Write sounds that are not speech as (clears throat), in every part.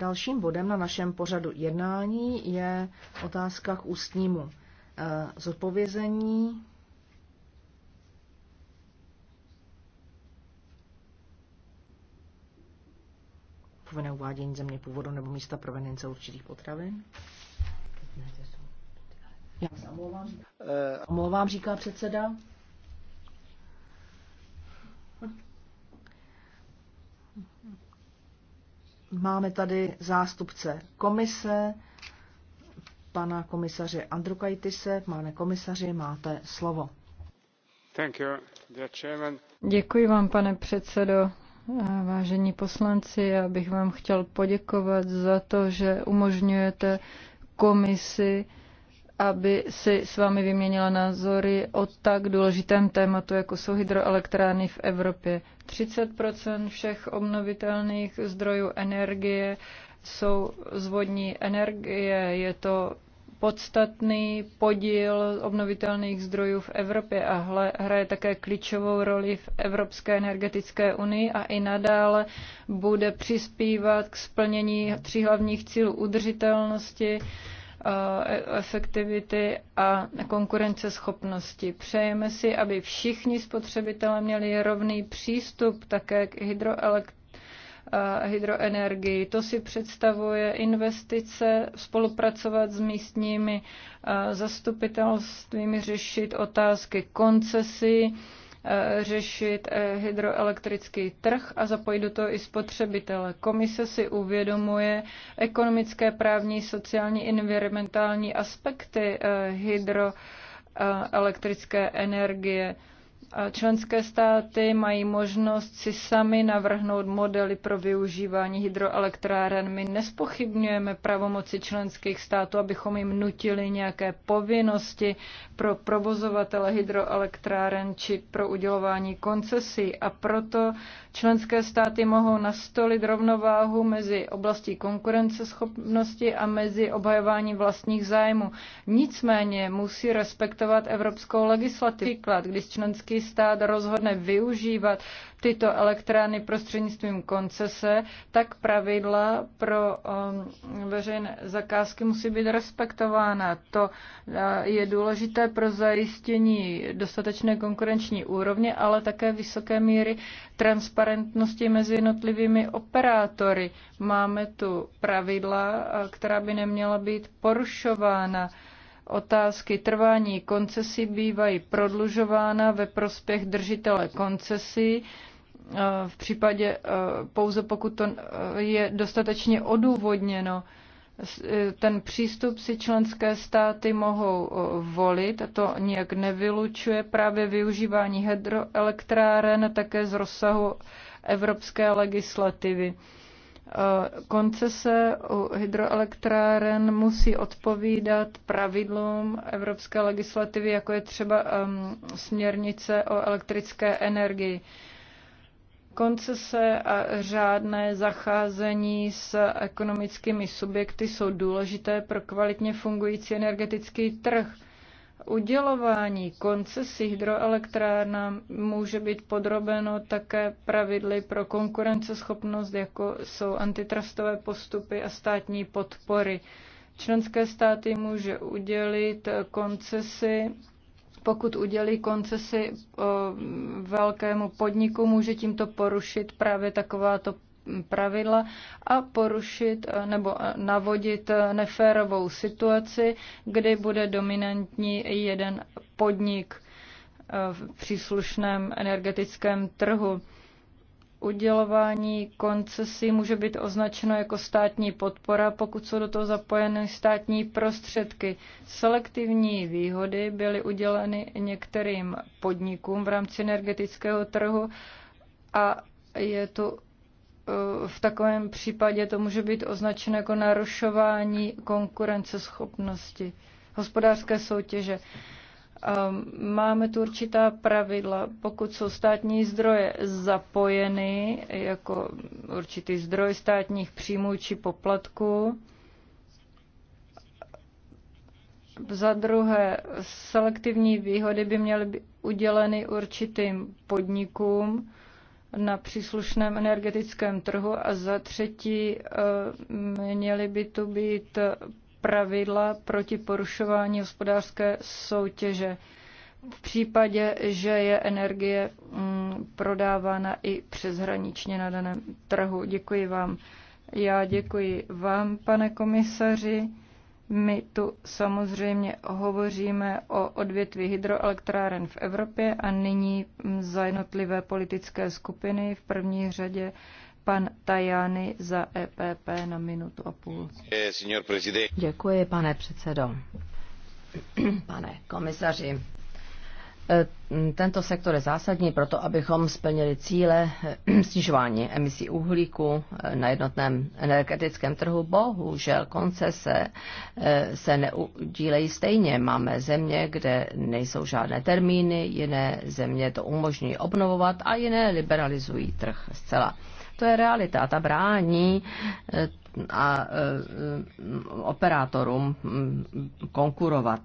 Dalším bodem na našem pořadu jednání je otázka k ústnímu eh, zodpovězení. povinné uvádění země původu nebo místa provenience určitých potravin. Já se omlouvám, říká předseda. Máme tady zástupce komise, pana komisaře Andrukaitise. Pane komisaři, máte slovo. Děkuji vám, pane předsedo. Vážení poslanci, já bych vám chtěl poděkovat za to, že umožňujete komisi aby si s vámi vyměnila názory o tak důležitém tématu, jako jsou hydroelektrárny v Evropě. 30 všech obnovitelných zdrojů energie jsou z vodní energie. Je to podstatný podíl obnovitelných zdrojů v Evropě a hraje také klíčovou roli v Evropské energetické unii a i nadále bude přispívat k splnění tří hlavních cílů udržitelnosti, Eh, efektivity a konkurenceschopnosti. Přejeme si, aby všichni spotřebitelé měli rovný přístup také k hydroelektronice eh, hydroenergii. To si představuje investice, spolupracovat s místními eh, zastupitelstvími, řešit otázky koncesí, Eh, řešit eh, hydroelektrický trh a zapojit do toho i spotřebitele. Komise si uvědomuje ekonomické, právní, sociální, environmentální aspekty eh, hydroelektrické energie. Členské státy mají možnost si sami navrhnout modely pro využívání hydroelektráren. My nespochybňujeme pravomoci členských států, abychom jim nutili nějaké povinnosti pro provozovatele hydroelektráren či pro udělování koncesí. A proto členské státy mohou nastolit rovnováhu mezi oblastí konkurenceschopnosti a mezi obhajováním vlastních zájmů. Nicméně musí respektovat evropskou legislativu. Příklad, když členský stát rozhodne využívat tyto elektrárny prostřednictvím koncese, tak pravidla pro um, veřejné zakázky musí být respektována. To uh, je důležité pro zajištění dostatečné konkurenční úrovně, ale také vysoké míry transparentnosti mezi jednotlivými operátory. Máme tu pravidla, uh, která by neměla být porušována. Otázky trvání koncesí bývají prodlužována ve prospěch držitele koncesí, e, v případě e, pouze pokud to e, je dostatečně odůvodněno. Ten přístup si členské státy mohou volit a to nijak nevylučuje právě využívání hydroelektráren také z rozsahu evropské legislativy koncese u hydroelektráren musí odpovídat pravidlům evropské legislativy, jako je třeba směrnice o elektrické energii koncese a řádné zacházení s ekonomickými subjekty jsou důležité pro kvalitně fungující energetický trh. Udělování koncesí hydroelektrárnám může být podrobeno také pravidly pro konkurenceschopnost, jako jsou antitrustové postupy a státní podpory. Členské státy může udělit koncesy pokud udělí koncesi eh, velkému podniku, může tímto porušit právě takováto pravidla a porušit eh, nebo eh, navodit eh, neférovou situaci, kdy bude dominantní jeden podnik v příslušném energetickém trhu. Udělování koncesí může být označeno jako státní podpora, pokud jsou do toho zapojeny státní prostředky. Selektivní výhody byly uděleny některým podnikům v rámci energetického trhu a je to. Eh, v takovém případě to může být označeno jako narušování konkurenceschopnosti, hospodářské soutěže. Ehm, máme tu určitá pravidla. Pokud jsou státní zdroje zapojeny jako určitý zdroj státních příjmů či poplatků, za druhé, selektivní výhody by měly být uděleny určitým podnikům, na příslušném energetickém trhu a za třetí eh, měly by tu být pravidla proti porušování hospodářské soutěže v případě, že je energie mm, prodávána i přeshraničně na daném trhu. Děkuji vám. Já děkuji vám, pane komisaři. My tu samozřejmě hovoříme o odvětví hydroelektráren v Evropě a nyní za jednotlivé politické skupiny v první řadě pan Tajany za EPP na minutu a půl. Eh, Děkuji, pane předsedo. (clears throat) Pane komisaři, Eh, tento sektor je zásadní pro to, abychom splnili cíle eh, (clears throat) snižování emisí uhlíku eh, na jednotném energetickém trhu. Bohužel koncese se neudílejí stejně. Máme země, kde nejsou žádné termíny, jiné země to umožňují obnovovat a jiné liberalizují trh zcela. To je realita, ta brání a operátorům mm, konkurovat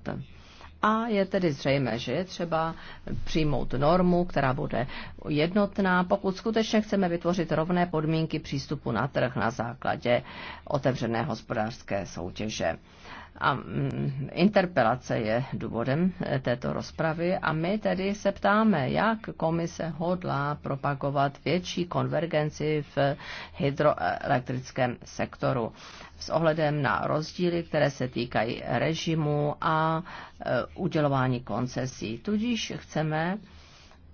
a je tedy zřejmé, že je třeba přijmout normu, která bude jednotná, pokud skutečně chceme vytvořit rovné podmínky přístupu na trh na základě otevřené hospodářské soutěže. A mm, interpelace je důvodem eh, této rozpravy a my tedy se ptáme, jak komise hodlá propagovat větší konvergenci v hydroelektrickém sektoru s ohledem na rozdíly, které se týkají režimu a eh, udělování koncesí. Tudíž chceme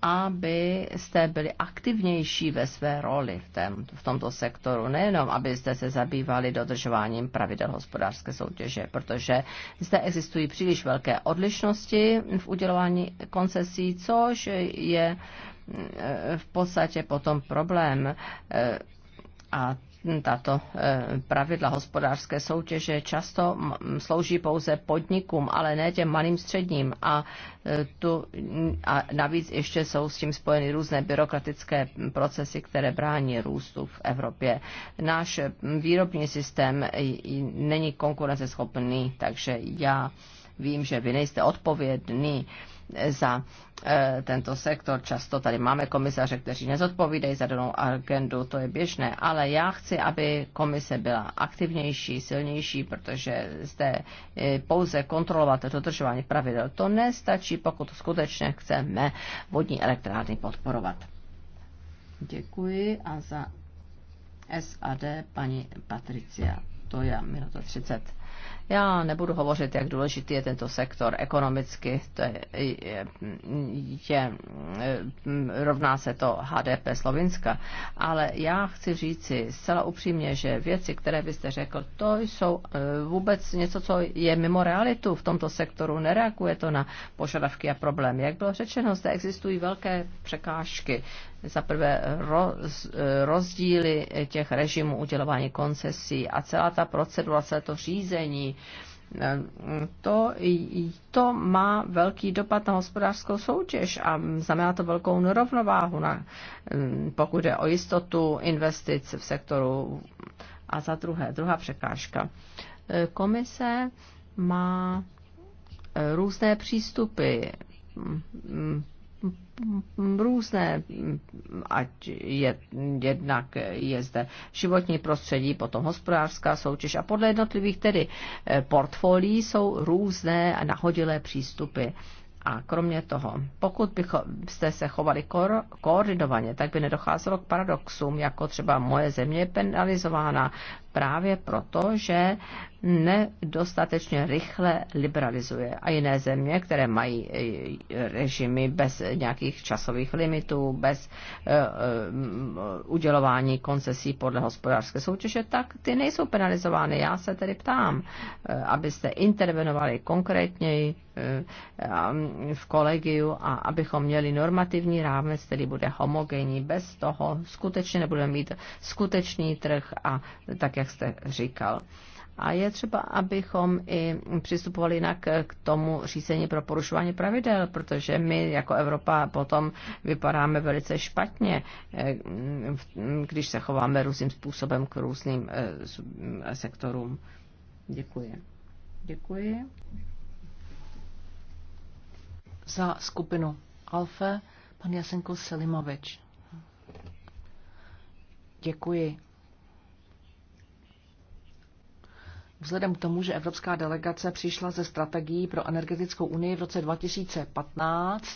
abyste byli aktivnější ve své roli v, tém, v tomto sektoru, nejenom abyste se zabývali dodržováním pravidel hospodářské soutěže, protože zde existují příliš velké odlišnosti v udělování koncesí, což je eh, v podstatě potom problém. Eh, a tato eh, pravidla hospodářské soutěže často slouží pouze podnikům, ale ne těm malým středním a, eh, tu, a navíc ještě jsou s tím spojeny různé byrokratické procesy, které brání růstu v Evropě. Náš eh, výrobní systém není konkurenceschopný, takže já vím, že vy nejste odpovědný za e, tento sektor. Často tady máme komisaře, kteří nezodpovídají za danou agendu, to je běžné, ale já chci, aby komise byla aktivnější, silnější, protože zde e, pouze kontrolovat dodržování pravidel, to nestačí, pokud skutečně chceme vodní elektrárny podporovat. Děkuji a za SAD paní Patricia. To je minuta 30. Já nebudu hovořit, jak důležitý je tento sektor ekonomicky. To je, je, je, rovná se to HDP Slovinska. Ale já chci říci zcela upřímně, že věci, které byste řekl, to jsou e, vůbec něco, co je mimo realitu v tomto sektoru. Nereaguje to na požadavky a problémy. Jak bylo řečeno, zde existují velké překážky za prvé roz, eh, rozdíly těch režimů udělování koncesí a celá ta procedura, celé to řízení, eh, to, to má velký dopad na hospodářskou soutěž a znamená to velkou nerovnováhu, na, eh, pokud je o jistotu investic v sektoru. A za druhé, druhá překážka. Komise má různé přístupy mm, mm, různé, ať je, jednak je zde životní prostředí, potom hospodářská soutěž a podle jednotlivých tedy eh, portfolií jsou různé a nahodilé přístupy. A kromě toho, pokud byste se chovali ko- koordinovaně, tak by nedocházelo k paradoxům, jako třeba moje země je penalizována právě proto, že nedostatečně rychle liberalizuje. A jiné země, které mají eh, režimy bez nějakých časových limitů, bez eh, eh, udělování koncesí podle hospodářské soutěže, tak ty nejsou penalizovány. Já se tedy ptám, abyste intervenovali konkrétněji mm, v kolegiu a abychom měli normativní rámec, který bude homogenní. Bez toho skutečně nebudeme mít skutečný trh a také jak jste říkal. A je třeba, abychom i přistupovali jinak k tomu řízení pro porušování pravidel, protože my jako Evropa potom vypadáme velice špatně, eh, když se chováme různým způsobem k různým eh, sektorům. Děkuji. Děkuji. Za skupinu Alfe pan Jasenko Selimovič. Děkuji. Vzhledem k tomu, že evropská delegace přišla ze strategií pro energetickou unii v roce 2015,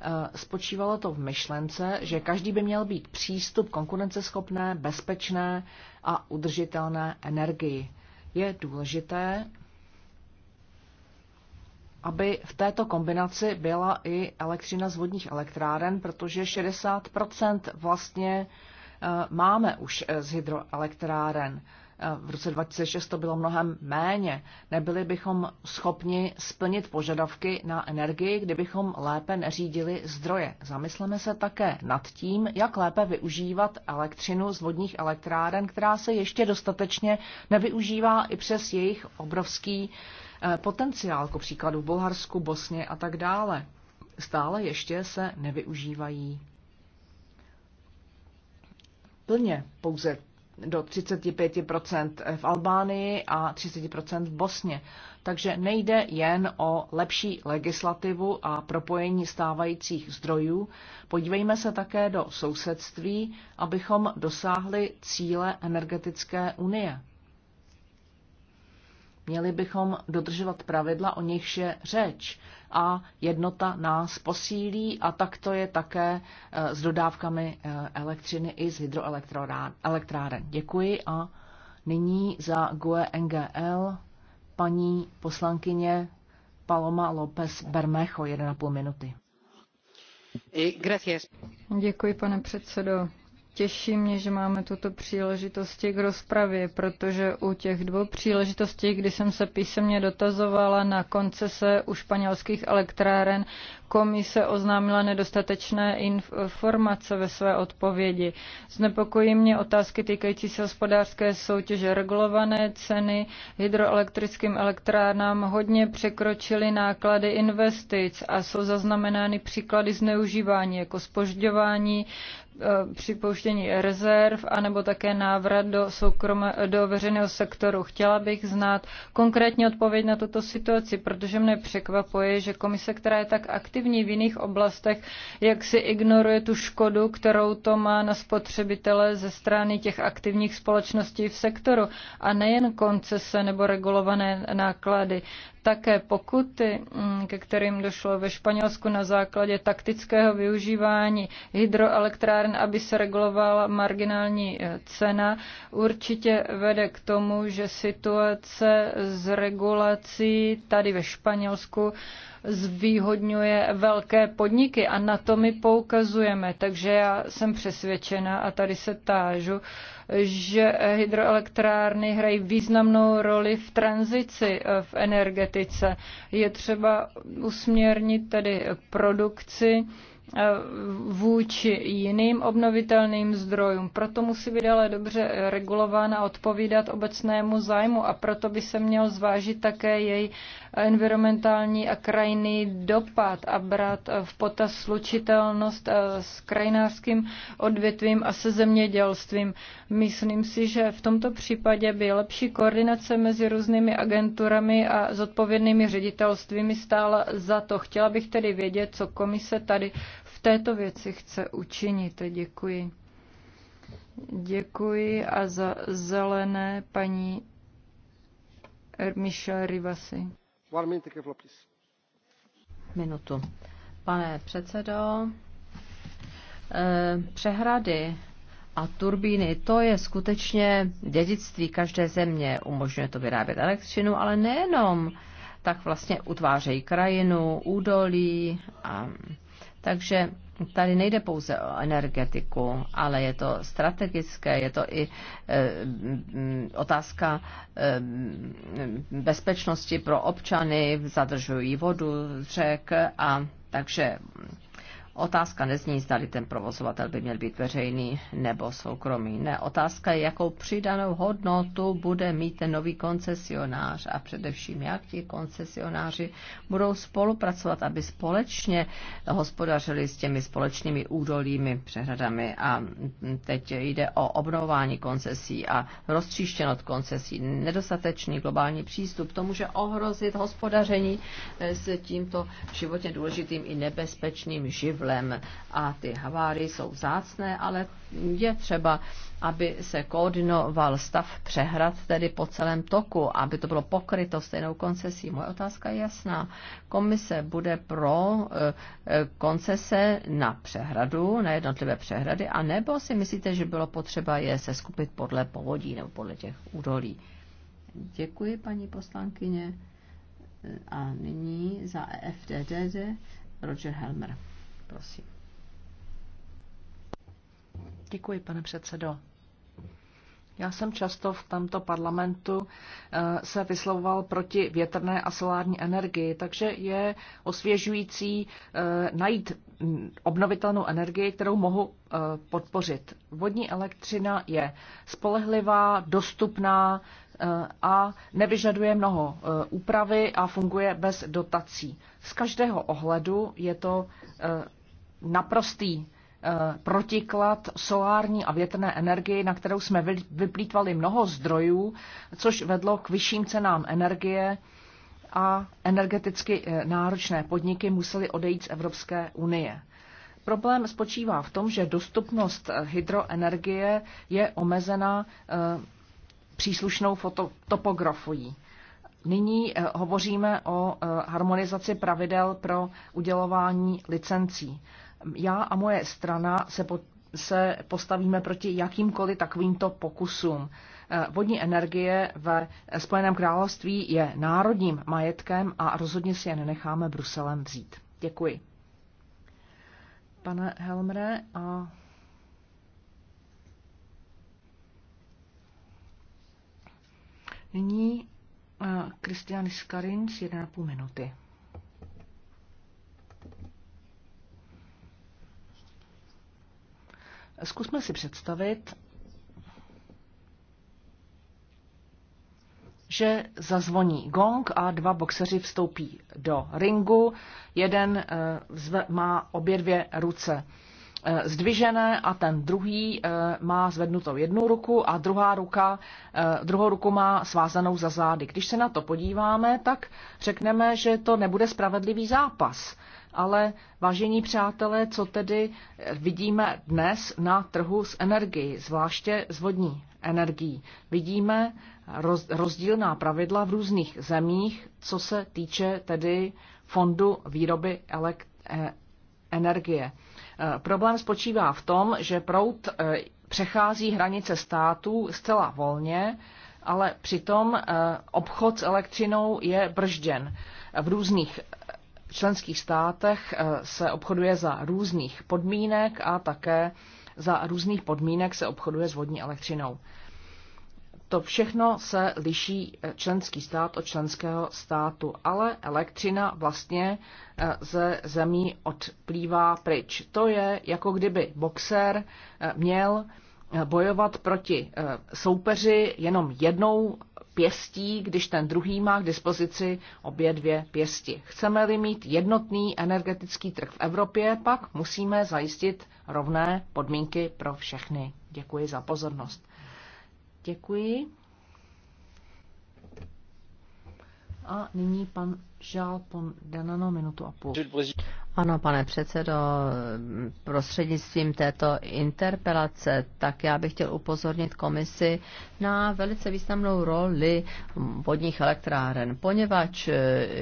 eh, spočívalo to v myšlence, že každý by měl být přístup konkurenceschopné, bezpečné a udržitelné energii. Je důležité, aby v této kombinaci byla i elektřina z vodních elektráren, protože 60 vlastně eh, máme už eh, z hydroelektráren. Eh, v roce 2006 to bylo mnohem méně. Nebyli bychom schopni splnit požadavky na energii, kdybychom lépe neřídili zdroje. Zamysleme se také nad tím, jak lépe využívat elektřinu z vodních elektráren, která se ještě dostatečně nevyužívá i přes jejich obrovský eh, potenciál, ku příkladu v Bulharsku, Bosně a tak dále. Stále ještě se nevyužívají plně pouze do 35% v Albánii a 30% v Bosně. Takže nejde jen o lepší legislativu a propojení stávajících zdrojů. Podívejme se také do sousedství, abychom dosáhli cíle energetické unie. Měli bychom dodržovat pravidla, o nichž je řeč a jednota nás posílí a tak to je také e, s dodávkami e, elektřiny i z hydroelektráren. Děkuji a nyní za GUE NGL paní poslankyně Paloma López Bermejo, 1,5 minuty. Eh, Děkuji, pane předsedo. Těší mě, že máme tuto příležitosti k rozpravě, protože u těch dvou příležitostí, kdy jsem se písemně dotazovala na koncese u španělských elektráren, komise oznámila nedostatečné informace ve své odpovědi. Znepokojí mě otázky týkající se hospodářské soutěže. Regulované ceny hydroelektrickým elektrárnám hodně překročily náklady investic a jsou zaznamenány příklady zneužívání jako spožďování e, připouštění rezerv, anebo také návrat do, soukromé, do veřejného sektoru. Chtěla bych znát konkrétní odpověď na tuto situaci, protože mne překvapuje, že komise, která je tak aktivní, aktivní v jiných oblastech, jak si ignoruje tu škodu, kterou to má na spotřebitele ze strany těch aktivních společností v sektoru a nejen koncese nebo regulované náklady. Také pokuty, mm, ke kterým došlo ve Španělsku na základě taktického využívání hydroelektráren, aby se regulovala marginální eh, cena, určitě vede k tomu, že situace z regulací tady ve Španělsku zvýhodňuje velké podniky a na to my poukazujeme. Takže já jsem přesvědčena a tady se tážu, že hydroelektrárny hrají významnou roli v tranzici eh, v energetice. Je třeba usměrnit tedy produkci Eh, vůči jiným obnovitelným zdrojům. Proto musí být ale dobře regulován a odpovídat obecnému zájmu a proto by se měl zvážit také její environmentální a krajinný dopad a brát eh, v potaz slučitelnost eh, s krajinářským odvětvím a se zemědělstvím. Myslím si, že v tomto případě by lepší koordinace mezi různými agenturami a zodpovědnými ředitelstvími stála za to. Chtěla bych tedy vědět, co komise tady této věci chce učinit. Děkuji. Děkuji a za zelené paní Michelle Rivasi. Minutu. Pane předsedo, eh, přehrady a turbíny, to je skutečně dědictví každé země. Umožňuje to vyrábět elektřinu, ale nejenom, tak vlastně utvářejí krajinu, údolí a takže tady nejde pouze o energetiku, ale je to strategické, je to i eh, mm, otázka eh, bezpečnosti pro občany, zadržují vodu, řek a takže Otázka nezní, zdali ten provozovatel by měl být veřejný nebo soukromý. Ne, otázka je, jakou přidanou hodnotu bude mít ten nový koncesionář a především, jak ti koncesionáři budou spolupracovat, aby společně hospodařili s těmi společnými údolími, přehradami. A teď jde o obnovování koncesí a roztříštěnost koncesí. Nedostatečný globální přístup, to může ohrozit hospodaření s tímto životně důležitým i nebezpečným živlem problém a ty havárie jsou vzácné, ale je třeba, aby se koordinoval stav přehrad tedy po celém toku, aby to bylo pokryto stejnou koncesí. Moje otázka je jasná. Komise bude pro eh, eh, koncese na přehradu, na jednotlivé přehrady, a nebo si myslíte, že bylo potřeba je se skupit podle povodí nebo podle těch údolí? Děkuji, paní poslankyně. Eh, a nyní za EFDD Roger Helmer. Prosím. Děkuji, pane předsedo. Já jsem často v tomto parlamentu eh, se vyslovoval proti větrné a solární energii, takže je osvěžující eh, najít mm, obnovitelnou energii, kterou mohu eh, podpořit. Vodní elektřina je spolehlivá, dostupná, a nevyžaduje mnoho e, úpravy a funguje bez dotací. Z každého ohledu je to e, naprostý e, protiklad solární a větrné energie, na kterou jsme vyplýtvali mnoho zdrojů, což vedlo k vyšším cenám energie a energeticky náročné podniky musely odejít z Evropské unie. Problém spočívá v tom, že dostupnost hydroenergie je omezena příslušnou topografii. Nyní eh, hovoříme o eh, harmonizaci pravidel pro udělování licencí. Já a moje strana se, po, se postavíme proti jakýmkoliv takovýmto pokusům. Eh, vodní energie ve Spojeném království je národním majetkem a rozhodně si je nenecháme Bruselem vzít. Děkuji. Pane Helmre, a Nyní Kristian eh, Skarin z 1,5 minuty. Zkusme si představit, že zazvoní gong a dva boxeři vstoupí do ringu. Jeden eh, má obě dvě ruce Eh, zdvižené a ten druhý eh, má zvednutou jednu ruku a druhá ruka, eh, druhou ruku má svázanou za zády. Když se na to podíváme, tak řekneme, že to nebude spravedlivý zápas. Ale vážení přátelé, co tedy vidíme dnes na trhu s energií, zvláště s vodní energií? Vidíme rozdílná pravidla v různých zemích, co se týče tedy fondu výroby elekt- energie. Eh, problém spočívá v tom, že proud eh, přechází hranice států zcela volně, ale přitom eh, obchod s elektřinou je bržděn. V různých členských státech se obchoduje za různých podmínek a také za různých podmínek se obchoduje s vodní elektřinou. To všechno se liší eh, členský stát od členského státu, ale elektřina vlastně eh, ze zemí odplývá pryč. To je jako kdyby boxer eh, měl bojovat proti soupeři jenom jednou pěstí, když ten druhý má k dispozici obě dvě pěsti. Chceme-li mít jednotný energetický trh v Evropě, pak musíme zajistit rovné podmínky pro všechny. Děkuji za pozornost. Děkuji. A nyní pan Žál, pan Danano, minutu a půl. Ano, pane předsedo, prostřednictvím této interpelace, tak já bych chtěl upozornit komisi na velice významnou roli vodních elektráren, poněvadž eh,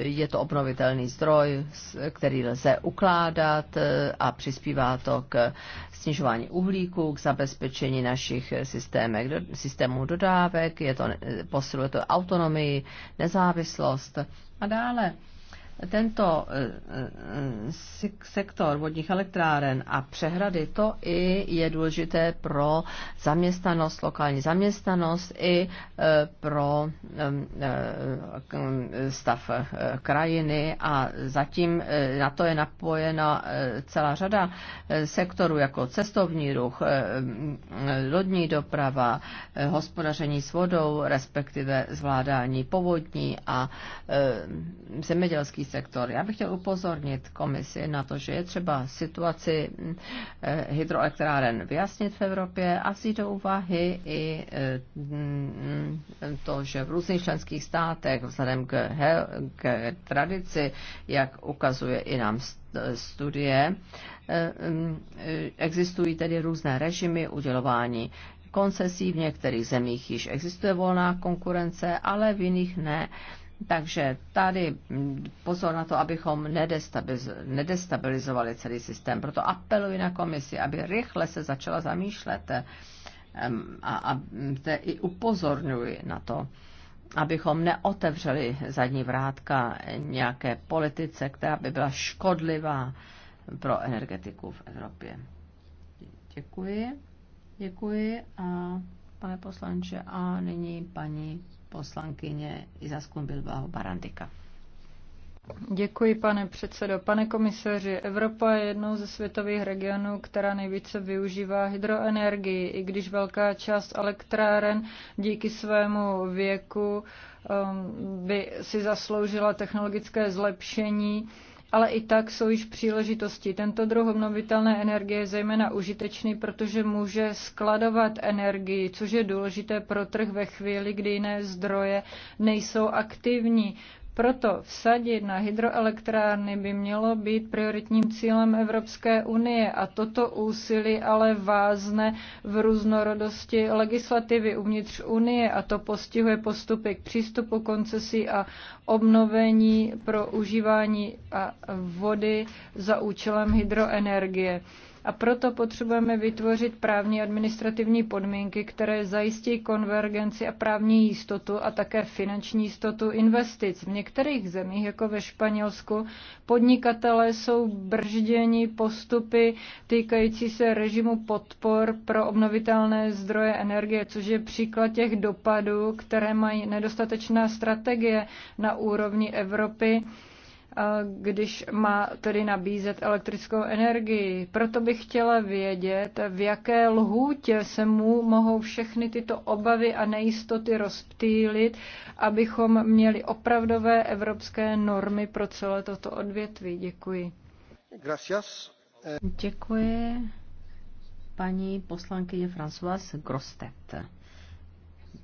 je to obnovitelný zdroj, který lze ukládat eh, a přispívá to k snižování uhlíku, k zabezpečení našich systémek, systémů dodávek, je to, eh, posiluje to autonomii, nezávislost a dále tento eh, eh, sektor vodních elektráren a přehrady, to i je důležité pro zaměstnanost, lokální zaměstnanost i eh, pro stav krajiny a zatím na to je napojena celá řada sektorů jako cestovní ruch, lodní doprava, hospodaření s vodou, respektive zvládání povodní a zemědělský sektor. Já bych chtěl upozornit komisi na to, že je třeba situaci mm, eh, hydroelektráren vyjasnit v Evropě a vzít do úvahy i eh, mm, to, že v různých členských státech vzhledem k, k tradici, jak ukazuje i nám studie, eh, mm, existují tedy různé režimy udělování koncesí, v některých zemích již existuje volná konkurence, ale v jiných ne. Takže tady mm, pozor na to, abychom nedestabilizovali celý systém. Proto apeluji na komisi, aby rychle se začala zamýšlet a, a te i upozorňuji na to, abychom neotevřeli zadní vrátka nějaké politice, která by byla škodlivá pro energetiku v Evropě. Děkuji. Děkuji, a, pane poslanče. A nyní paní poslankyně Izaskun Bilbao Barandika. Děkuji, pane předsedo. Pane komisaři, Evropa je jednou ze světových regionů, která nejvíce využívá hydroenergii, i když velká část elektráren díky svému věku um, by si zasloužila technologické zlepšení ale i tak jsou již příležitosti. Tento druh obnovitelné energie je zejména užitečný, protože může skladovat energii, což je důležité pro trh ve chvíli, kdy jiné zdroje nejsou aktivní. Proto vsadit na hydroelektrárny by mělo být prioritním cílem Evropské unie a toto úsilí ale vázne v různorodosti legislativy uvnitř unie a to postihuje postupy k přístupu koncesí a obnovení pro užívání vody za účelem hydroenergie. A proto potřebujeme vytvořit právní administrativní podmínky, které zajistí konvergenci a právní jistotu a také finanční jistotu investic. V některých zemích, jako ve Španělsku, podnikatelé jsou bržděni postupy týkající se režimu podpor pro obnovitelné zdroje energie, což je příklad těch dopadů, které mají nedostatečná strategie na úrovni Evropy když má tedy nabízet elektrickou energii. Proto bych chtěla vědět, v jaké lhůtě se mu mohou všechny tyto obavy a nejistoty rozptýlit, abychom měli opravdové evropské normy pro celé toto odvětví. Děkuji. Gracias. Děkuji paní poslankyně Françoise Grostet.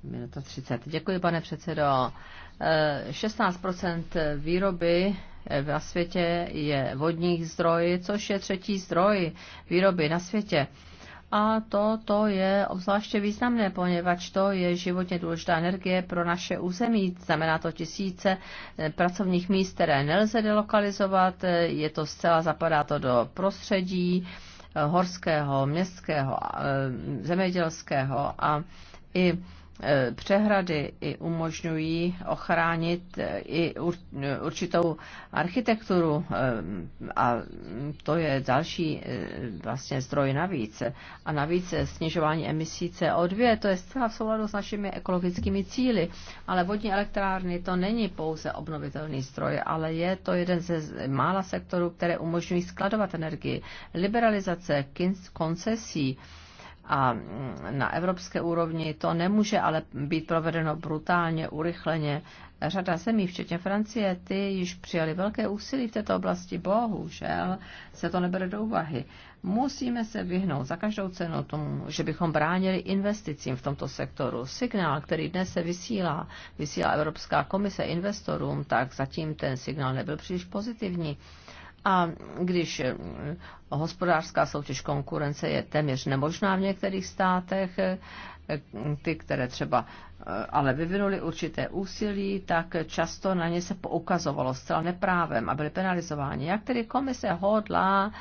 Minuta 30. Děkuji, pane předsedo. 16 eh, výroby na světě je vodní zdroj, což je třetí zdroj výroby na světě. A to, to je obzvláště významné, poněvadž to je životně důležitá energie pro naše území. Znamená to tisíce eh, pracovních míst, které nelze delokalizovat, je to zcela, zapadá to do prostředí eh, horského, městského, eh, zemědělského a i Eh, přehrady i umožňují ochránit eh, i eh, určitou architekturu a to je další vlastně zdroj navíc. A navíc snižování emisí CO2, to je zcela v souladu s našimi ekologickými cíly, ale vodní elektrárny to není pouze obnovitelný zdroj, ale je to jeden ze mála sektorů, které umožňují skladovat energii. Liberalizace koncesí, a mm, na evropské úrovni to nemůže ale být provedeno brutálně, urychleně. Řada zemí, včetně Francie, ty již přijali velké úsilí v této oblasti. Bohužel se to nebere do úvahy. Musíme se vyhnout za každou cenu tomu, že bychom bránili investicím v tomto sektoru. Signál, který dnes se vysílá, vysílá Evropská komise investorům, tak zatím ten signál nebyl příliš pozitivní. A když eh, hospodářská soutěž konkurence je téměř nemožná v některých státech, eh, ty, které třeba eh, ale vyvinuli určité úsilí, tak často na ně se poukazovalo zcela neprávem a byly penalizováni. Jak tedy komise hodlá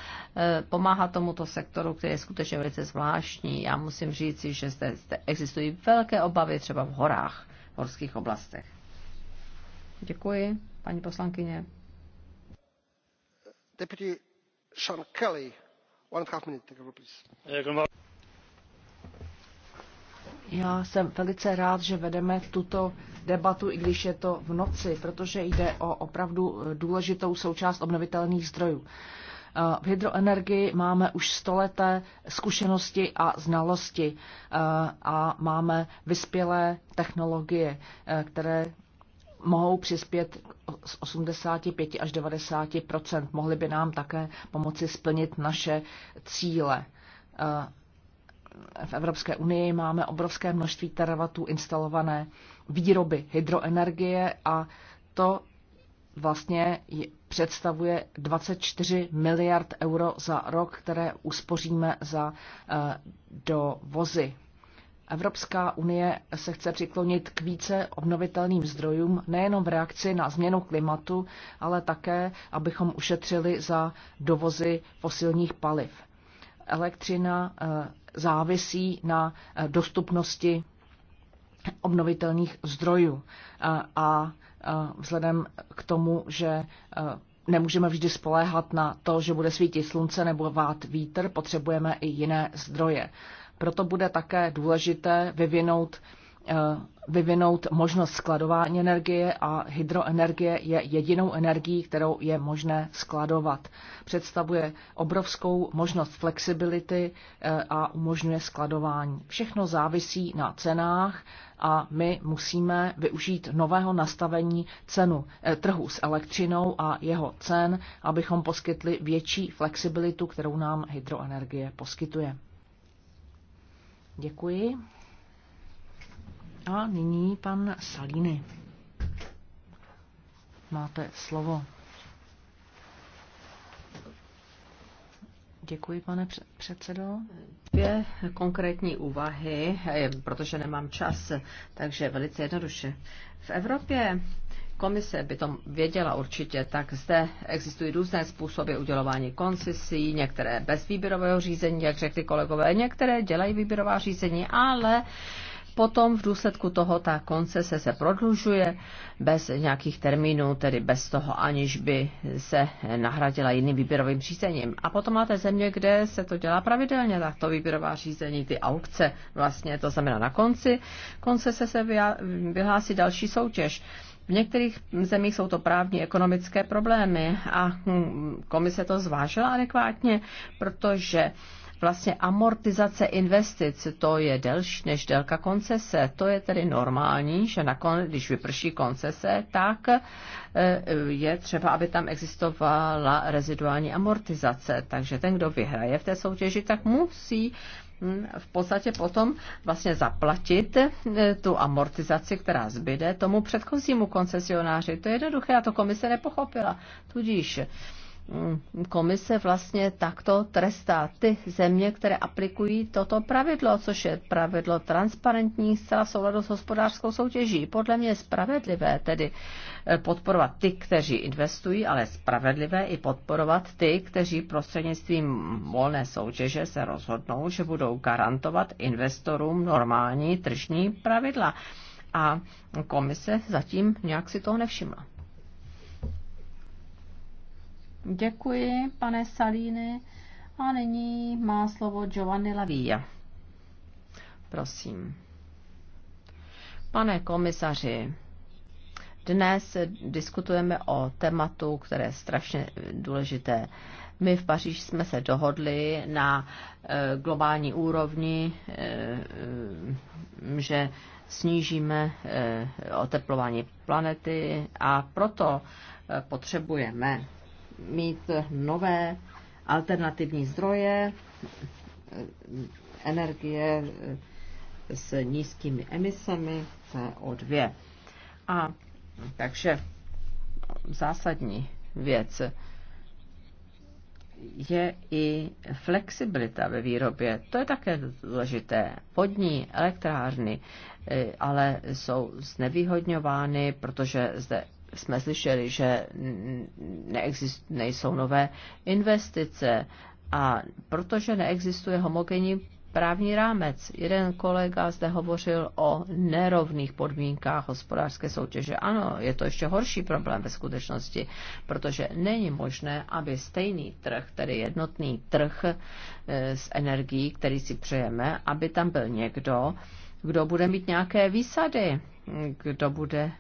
pomáhat tomuto sektoru, který je skutečně velice zvláštní? Já musím říci, že zde, zde existují velké obavy třeba v horách, v horských oblastech. Děkuji, paní poslankyně. Kelly, Já jsem velice rád, že vedeme tuto debatu, i když je to v noci, protože jde o opravdu eh, důležitou součást obnovitelných zdrojů. Eh, v hydroenergii máme už stoleté zkušenosti a znalosti eh, a máme vyspělé technologie, které mohou přispět z 85 až 90 Mohly by nám také pomoci splnit naše cíle. Eh, v Evropské unii máme obrovské množství teravatů instalované výroby hydroenergie a to vlastně představuje 24 miliard euro za rok, které uspoříme za eh, dovozy. Evropská unie se chce přiklonit k více obnovitelným zdrojům, nejenom v reakci na změnu klimatu, ale také, abychom ušetřili za dovozy fosilních paliv. Elektřina eh, závisí na eh, dostupnosti obnovitelných zdrojů eh, a vzhledem k tomu, že nemůžeme vždy spoléhat na to, že bude svítit slunce nebo vát vítr, potřebujeme i jiné zdroje. Proto bude také důležité vyvinout eh, vyvinout možnost skladování energie a hydroenergie je jedinou energií, kterou je možné skladovat. Představuje obrovskou možnost flexibility eh, a umožňuje skladování. Všechno závisí na cenách a my musíme využít nového nastavení cenu eh, trhu s elektřinou a jeho cen, abychom poskytli větší flexibilitu, kterou nám hydroenergie poskytuje. Děkuji. A nyní pan Salíny. Máte slovo. Děkuji, pane předsedo. Dvě konkrétní úvahy, eh, protože nemám čas, takže velice jednoduše. V Evropě komise by to věděla určitě, tak zde existují různé způsoby udělování koncesí, některé bez výběrového řízení, jak řekli kolegové, některé dělají výběrová řízení, ale potom v důsledku toho ta koncese se prodlužuje bez nějakých termínů, tedy bez toho, aniž by se nahradila jiným výběrovým řízením. A potom máte země, kde se to dělá pravidelně, tak to výběrová řízení, ty aukce vlastně, to znamená na konci koncese se vyhlásí další soutěž. V některých zemích jsou to právní ekonomické problémy a hm, komise to zvážila adekvátně, protože vlastně amortizace investic, to je delší než délka koncese. To je tedy normální, že nakonec, když vyprší koncese, tak e, je třeba, aby tam existovala reziduální amortizace. Takže ten, kdo vyhraje v té soutěži, tak musí hm, v podstatě potom vlastně zaplatit e, tu amortizaci, která zbyde tomu předchozímu koncesionáři. To je jednoduché a to komise nepochopila. Tudíž Mm, komise vlastně takto trestá ty země, které aplikují toto pravidlo, což je pravidlo transparentní, zcela souladu s hospodářskou soutěží. Podle mě je spravedlivé tedy eh, podporovat ty, kteří investují, ale spravedlivé i podporovat ty, kteří prostřednictvím volné soutěže se rozhodnou, že budou garantovat investorům normální tržní pravidla. A komise zatím nějak si toho nevšimla. Děkuji, pane Salíny. A nyní má slovo Giovanni Lavia. Prosím. Pane komisaři, dnes diskutujeme o tématu, které je strašně důležité. My v Paříž jsme se dohodli na e, globální úrovni, e, že snížíme e, oteplování planety a proto potřebujeme mít nové alternativní zdroje energie s nízkými emisemi CO2. A takže zásadní věc je i flexibilita ve výrobě. To je také důležité. Podní elektrárny eh, ale jsou znevýhodňovány, protože zde jsme slyšeli, že neexist, nejsou nové investice a protože neexistuje homogenní právní rámec. Jeden kolega zde hovořil o nerovných podmínkách hospodářské soutěže. Ano, je to ještě horší problém ve skutečnosti, protože není možné, aby stejný trh, tedy jednotný trh e, s energií, který si přejeme, aby tam byl někdo, kdo bude mít nějaké výsady, kdo bude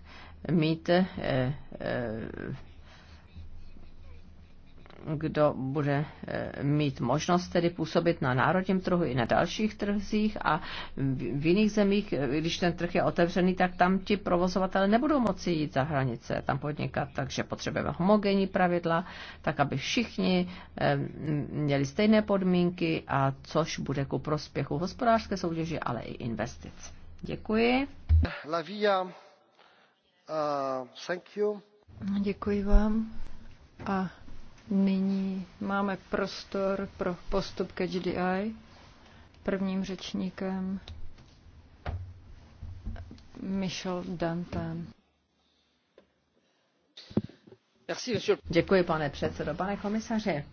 mít eh, eh, kdo bude eh, mít možnost tedy působit na národním trhu i na dalších trzích a v jiných zemích, když ten trh je otevřený, tak tam ti provozovatele nebudou moci jít za hranice, tam podnikat, takže potřebujeme homogenní pravidla, tak aby všichni měli stejné podmínky a což bude ku prospěchu hospodářské soutěži, ale i investic. Děkuji. La via Uh, Děkuji vám. A nyní máme prostor pro postup k HDI. Prvním řečníkem Michel Dantin. Děkuji, pane předsedo. Pane komisaři,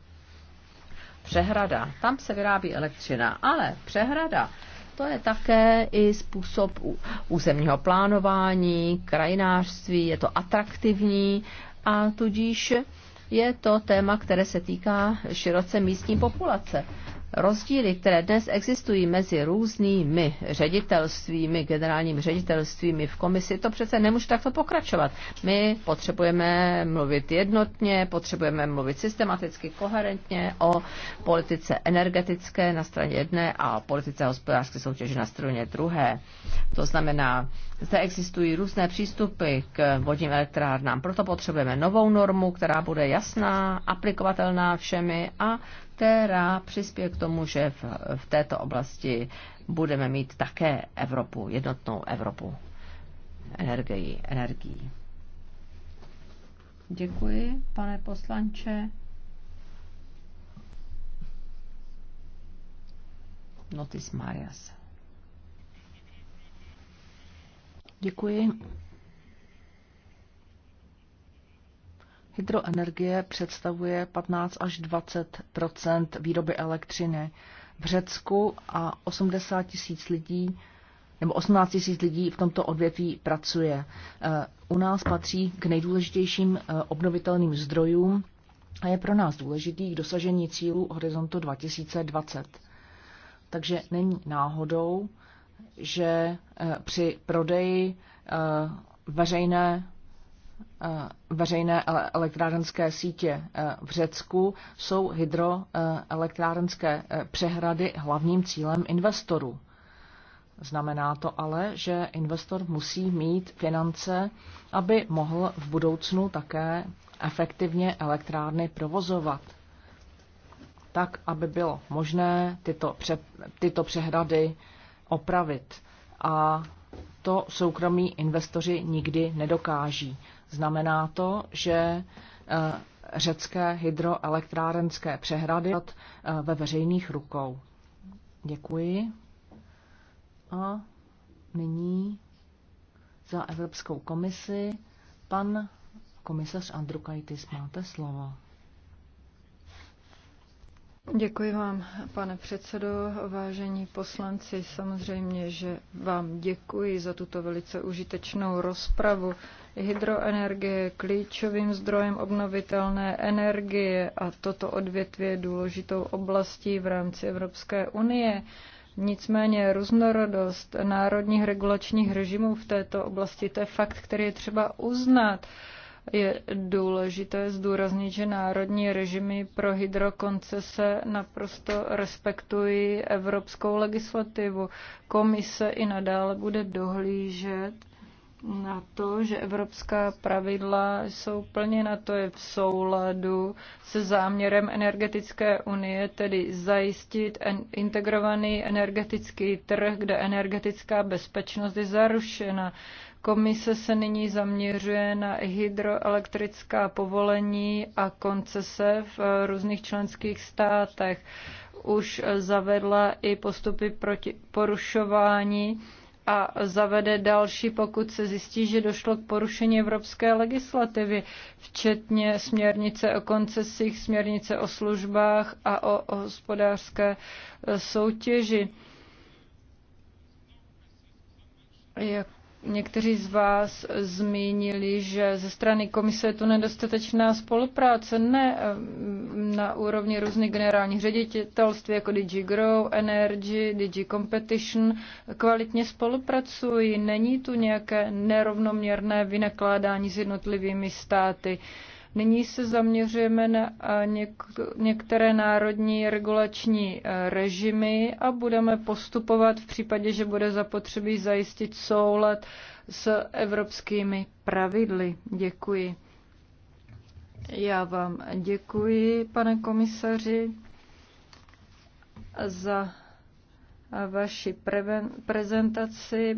přehrada, tam se vyrábí elektřina, ale přehrada to je také i způsob územního plánování, krajinářství, je to atraktivní a tudíž je to téma, které se týká široce místní populace rozdíly, které dnes existují mezi různými ředitelstvími, generálními ředitelstvími v komisi, to přece nemůže takto pokračovat. My potřebujeme mluvit jednotně, potřebujeme mluvit systematicky, koherentně o politice energetické na straně jedné a politice hospodářské soutěže na straně druhé. To znamená, zde existují různé přístupy k vodním elektrárnám, proto potřebujeme novou normu, která bude jasná, aplikovatelná všemi a která přispěje k tomu, že v, v této oblasti budeme mít také Evropu, jednotnou Evropu energii, energií. Děkuji, pane poslanče. Notis Marias. Děkuji. Hydroenergie představuje 15 až 20 výroby elektřiny. V Řecku a 80 tisíc lidí nebo 18 tisíc lidí v tomto odvětví pracuje. Eh, u nás patří k nejdůležitějším eh, obnovitelným zdrojům a je pro nás důležitý k dosažení cílu horizontu 2020. Takže není náhodou, že eh, při prodeji veřejné Eh, veřejné elektrárenské sítě eh, v Řecku jsou hydroelektrárenské eh, přehrady hlavním cílem investorů. Znamená to ale, že investor musí mít finance, aby mohl v budoucnu také efektivně elektrárny provozovat. Tak, aby bylo možné tyto, pře- tyto přehrady opravit. A to soukromí investoři nikdy nedokáží. Znamená to, že eh, řecké hydroelektrárenské přehrady eh, ve veřejných rukou. Děkuji. A nyní za Evropskou komisi pan komisař Andrukaitis. Máte slovo. Děkuji vám, pane předsedo, vážení poslanci. Samozřejmě, že vám děkuji za tuto velice užitečnou rozpravu. Hydroenergie je klíčovým zdrojem obnovitelné energie a toto odvětví je důležitou oblastí v rámci Evropské unie. Nicméně různorodost národních regulačních režimů v této oblasti, to je fakt, který je třeba uznat. Je důležité zdůraznit, že národní režimy pro hydrokoncese naprosto respektují evropskou legislativu. Komise i nadále bude dohlížet na to, že evropská pravidla jsou plně na to je v souladu se záměrem energetické unie, tedy zajistit integrovaný energetický trh, kde energetická bezpečnost je zarušena. Komise se nyní zaměřuje na hydroelektrická povolení a koncese v eh, různých členských státech. Už zavedla i postupy proti porušování a zavede další, pokud se zjistí, že došlo k porušení evropské legislativy, včetně směrnice o koncesích, směrnice o službách a o, hospodářské eh, soutěži. Jak Někteří z vás zmínili, že ze strany komise je tu nedostatečná spolupráce, ne eh, na úrovni různých generálních ředitelství jako DG Grow, Energy, DG Competition, kvalitně spolupracují, není tu nějaké nerovnoměrné vynakládání s jednotlivými státy. Uh, Nyní se zaměřujeme na některé národní regulační e, režimy a budeme postupovat v případě, že bude zapotřebí zajistit soulad s evropskými pravidly. Děkuji. Já vám děkuji, pane komisaři, za vaši prezentaci.